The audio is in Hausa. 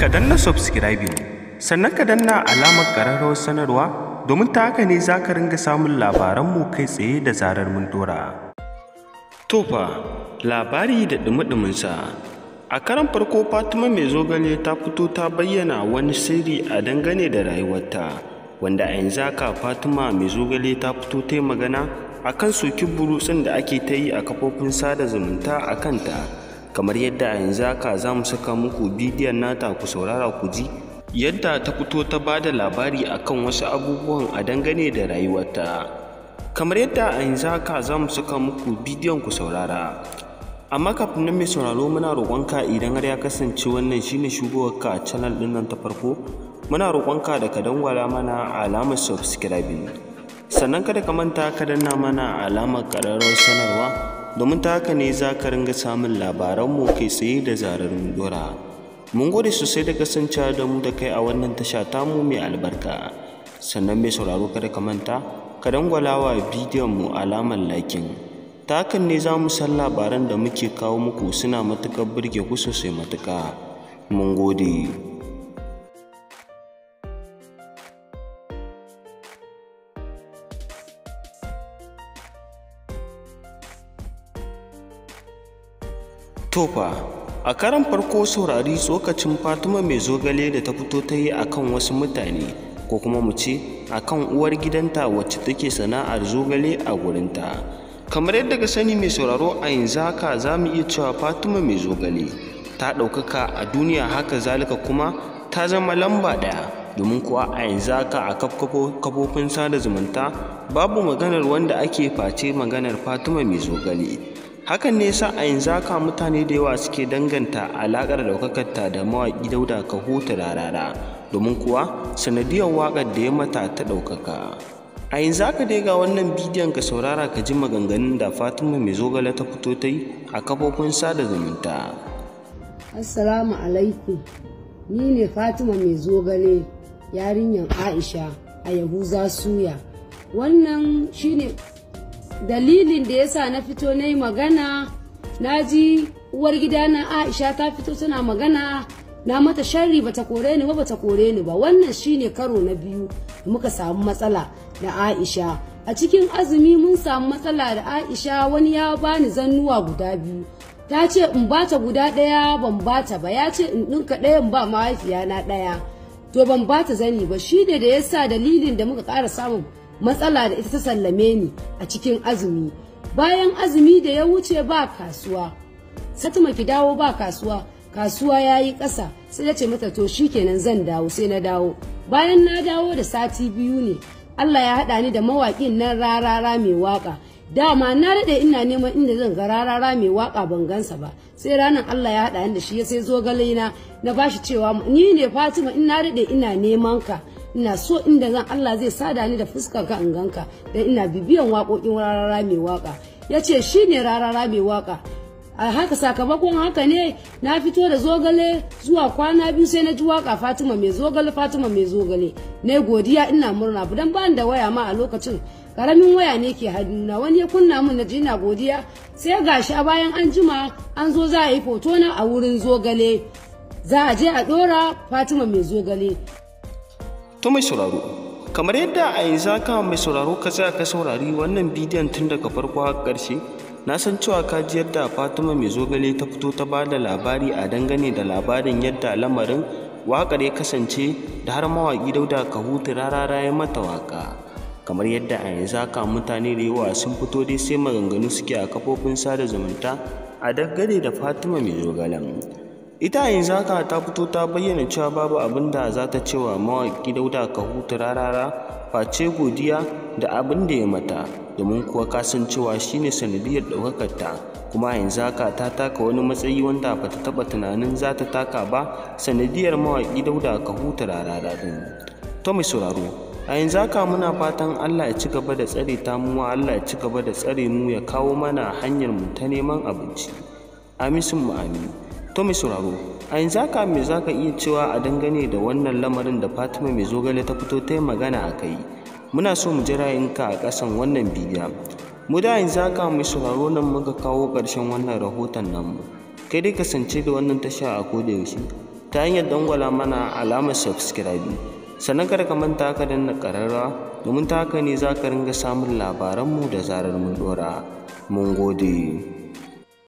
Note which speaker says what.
Speaker 1: ka danna subscribing sannan ka danna alamar ƙararrawar sanarwa domin ta haka ne za ka ringa samun labaranmu kai tsaye da zarar mun dora. Tofa labari da ɗumi a karan farko Fatima mai zogale ta fito ta bayyana wani sirri a dangane da rayuwarta wanda a yanzu haka Fatima mai zogale ta fito ta yi magana akan soki burutsun da ake ta yi a kafofin sada zumunta a kanta. kamar yadda a yanzu haka za mu saka muku bidiyon nata ku saurara ku ji yadda ta fito ta ba da labari akan wasu abubuwan a dangane da rayuwarta kamar yadda a yanzu haka za mu saka muku bidiyon ku saurara amma kafin nan mai sauraro muna roƙonka idan har ya kasance wannan shine shugowarka a channel ɗin nan ta farko muna roƙonka da ka dangwala mana alamar subscribing sannan kada ka manta ka danna mana alamar ƙararrawar sanarwa domin ta haka ne za ka ringa samun labaranmu kai tsaye da zarar dora. Mun gode sosai da kasancewa da mu da kai a wannan tasha tamu mai albarka. Sannan mai sauraro kada ka manta, ka dangwala wa bidiyon mu alamar lakin. Ta hakan ne za mu san labaran da muke kawo muku suna matuƙar burge ku sosai matuƙa. Mun gode. Tofa, a karan farko saurari tsokacin Fatima mai zogale da ta fito ta yi a kan wasu mutane, ko kuma mu ce a kan uwar gidanta wacce take sana'ar zogale a gurinta. Kamar yadda ga sani mai sauraro a yanzu haka za mu iya cewa Fatima mai zogale ta ɗaukaka a duniya haka zalika kuma ta zama lamba ɗaya. domin kuwa a yanzu haka a kafofin sada zumunta babu maganar wanda ake face maganar fatima mai zogale hakan ne yasa a yanzu haka mutane da yawa suke danganta alaƙar ɗaukakarta da mawaƙi dauda da rarara domin kuwa sanadiyar waƙar da ya mata ta ɗaukaka a yanzu haka dai ga wannan bidiyon ka saurara ka ji maganganun da fatima mai zogale ta fito ta yi a kafofin sada zumunta
Speaker 2: assalamu alaikum ni ne fatima mai zogale yarinyar aisha a yahuza suya wannan shine dalilin da yasa na fito na yi magana na ji uwar gida na aisha ta fito tana magana na mata sharri bata kore ni ba bata kore ni ba wannan shine karo na biyu da muka samu matsala da aisha a cikin azumi mun samu matsala da aisha wani ya bani zannuwa guda biyu ta ce in bata guda ɗaya ban bata ba ya ce in ɗinka ɗaya ba mahaifiya na ɗaya to ban bata zani ba shi ne da yasa dalilin da muka ƙara samun matsala da ita ta sallame ni a cikin azumi bayan azumi da ya wuce ba kasuwa satuma ki dawo ba kasuwa kasuwa ya yi ƙasa sai ya ce mata to shikenan zan dawo sai na dawo bayan na dawo da sati biyu ne Allah ya haɗa ni da mawaƙin nan rarara mai waƙa dama na daɗe ina neman inda zan ga rarara mai waƙa ban gansa ba sai ranar Allah ya haɗa ni da shi sai zo na na bashi cewa ni ne Fatima ina daɗe ina neman ka ina so inda zan Allah zai sada ni da fuskar ka in ganka dan ina bibiyan waƙoƙin rarara mai waƙa yace shine rarara mai waka. a haka sakamakon haka ne na fito da zogale zuwa kwana biyu sai na ji waka fatima mai zogale fatima mai zogale Ne godiya ina murna dan ba da waya ma a lokacin karamin waya ne ke hannuna wani ya kunna min na ji ina godiya sai gashi a bayan an jima an zo za a yi foto na a wurin zogale za a je a dora fatima mai zogale
Speaker 1: To mai sauraro, kamar yadda a yanzu aka mai sauraro ka tsaya ka saurari wannan bidiyon tun daga farko har ƙarshe, na san cewa ka ji yadda Fatima mai zogale ta fito ta ba da labari a dangane da labarin yadda lamarin waƙar ya kasance da har mawaƙi Dauda ka rarara ya mata waƙa. kamar yadda a yanzu haka mutane da yawa sun fito dai sai maganganu suke a kafofin sada zumunta a dangane da fatima mai zogalen ita yanzu haka ta fito ta bayyana cewa babu abin da za ta ce wa mawaƙi dauda hutu rarara face godiya da abin da ya mata domin kuwa shi shine sanadiyar ta kuma yanzu haka ta taka wani matsayi wanda bata taɓa tunanin za ta taka ba sanadiyar mawaƙi ka hutu rarara din to mai sauraro a yanzu haka muna fatan Allah ya ci gaba da tsare ta mu Allah ya ci gaba da tsare mu ya kawo mana hanyar mu ta neman abinci amin sun mu amin To mai sauraro, a yanzu haka me za ka iya cewa a dangane da wannan lamarin da Fatima mai zogale ta fito ta yi magana a kai? Muna so mu ji ka a kasan wannan bidiyo. Mu da yanzu haka mai sauraro nan muka kawo ƙarshen wannan rahoton namu. Kai dai kasance da wannan tasha a koda yaushe ta hanyar dangwala mana alamar subscribe. Sannan kar ka manta ka danna ƙararrawa domin ta haka ne za ka ringa samun labaranmu da zarar mun ɗora. Mun gode.